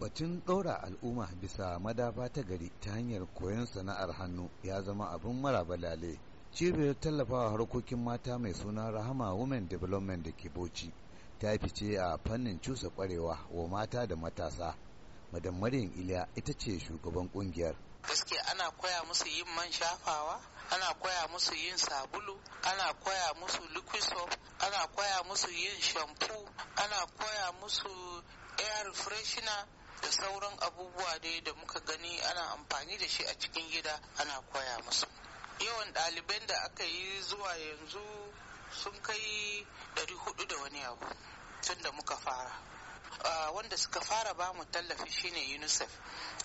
Batun ɗora al'umma bisa madafa ta gari ta hanyar koyon sana'ar hannu ya zama abin mara marabalale. Cibiyar tallafawa harkokin mata mai suna Rahama Women Development da ke Bauchi ta fice a fannin cusa kwarewa wa mata da matasa. Madam Maryam Iliya ita ce shugaban kungiyar. gaske ana koya musu yin man shafawa, ana koya musu yin sabulu, ana koya musu liquid ana koya musu yin shampoo, ana koya musu air freshener da sauran abubuwa dai da muka gani ana amfani da shi a cikin gida ana koya musu yawan ɗaliban da aka yi zuwa yanzu sun kai 400 da wani abu tun da muka fara wanda suka fara ba mu tallafi shine unicef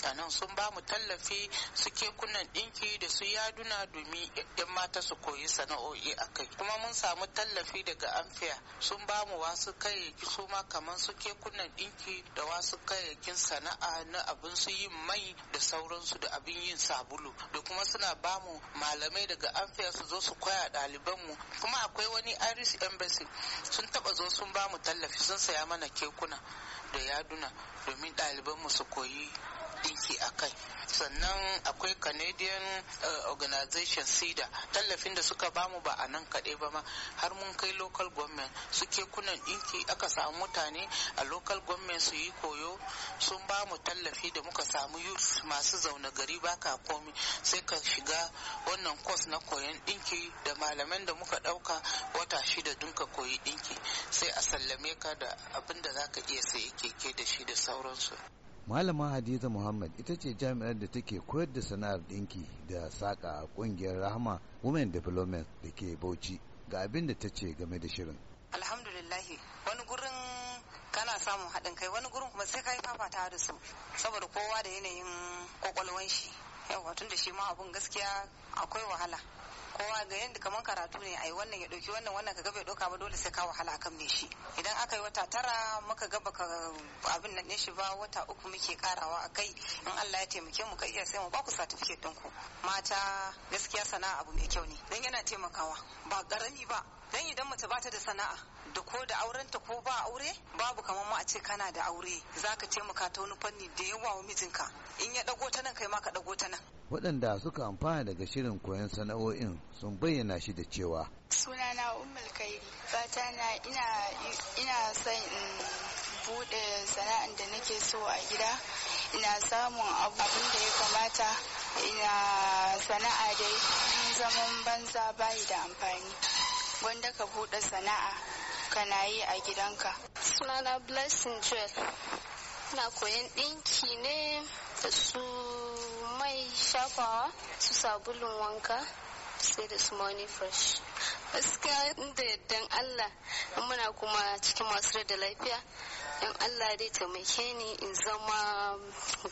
a nan sun ba mu tallafi su kunan dinki da su yaduna domin yan mata su koyi sana'o'i a kai kuma mun samu tallafi daga amfiya sun ba mu wasu kayayyaki su ma kamar su kunan ɗinki da wasu kayayyakin sana'a na abin su yin mai da sauransu da abin yin sabulu da kuma suna ba mu malamai daga amfiya su zo su koya mu kuma akwai wani irish embassy sun taba zo sun ba mu tallafi sun saya mana kekuna da yaduna domin ɗalibanmu su koyi aiki a kai sannan akwai canadian eh, organization sida tallafin da suka bamu ba a nan kaɗai ba ma har mun kai local government suke kunan ɗinki aka samu mutane a local government su yi koyo sun bamu tallafi da muka samu youth masu zaune gari ba ka komi sai ka shiga wannan course na koyon ɗinki da malamai da muka ɗauka wata shida dun ka koyi ɗinki sai a sallame ka da abin da za ka iya sayi keke da shi da sauransu malama hadiza muhammad ita ce jami'ar da take koyar da sana'ar ɗinki da saƙa a ƙungiyar rahama women development da ke bauchi ga abin da ta ce game da shirin alhamdulillahi wani gurin kana samun haɗin kai wani gurin kuma sai ka yi fafata da su saboda kowa da yanayin kwakwalwan shi yau tun da shi ma abun gaskiya akwai wahala kowa ga yadda kaman karatu ne ai wannan ya dauki wannan wannan kaga bai dauka ba dole sai ka wahala akan me shi idan aka yi wata tara muka ga baka abin nan ne shi ba wata uku muke karawa akai in Allah ya taimake mu ka iya sai mu ba ku certificate ɗinku mata gaskiya sana'a abu mai kyau ne dan yana taimakawa ba karami ba dan idan mace bata da sana'a da ko da aurenta ko ba aure babu kamar mu a ce kana da aure zaka taimaka ta wani fanni da yawa wa mijinka in ya dago ta nan kai ma ka dago ta nan waɗanda suka amfana daga shirin koyon sana'o'in sun bayyana shi da cewa sunana ummul kairi fata na ina ina son in bude sana'an da nake so a gida ina samun abin da ya kamata ina sana'a dai zaman banza bayi da amfani wanda ka buɗe sana'a kana yi a gidanka. Sunana Blessing Joel. Na koyan ɗinki ne da su mai shafawa su sabulun wanka sai da su money fresh. Gaskiya da yardan Allah muna kuma cikin masu da lafiya. 'yan Allah dai taimake ni in zama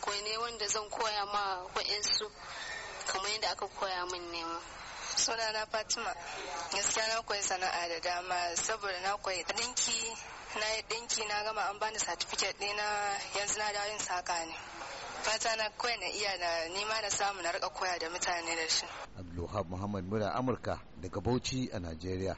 gwani wanda zan koya ma wa'insu kamar yadda aka koya min nema. sunana fatima gaskiya na koyi sana'a da dama saboda na koyi dinki na yi dinki na gama an bani certificate ɗina yanzu na dawo yin saka ne fata na koyi na iya na nima na samu na rika koya da mutane da shi abdulwahab muhammad mura amurka daga bauchi a najeriya